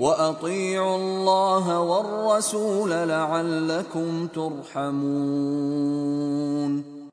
واطيعوا الله والرسول لعلكم ترحمون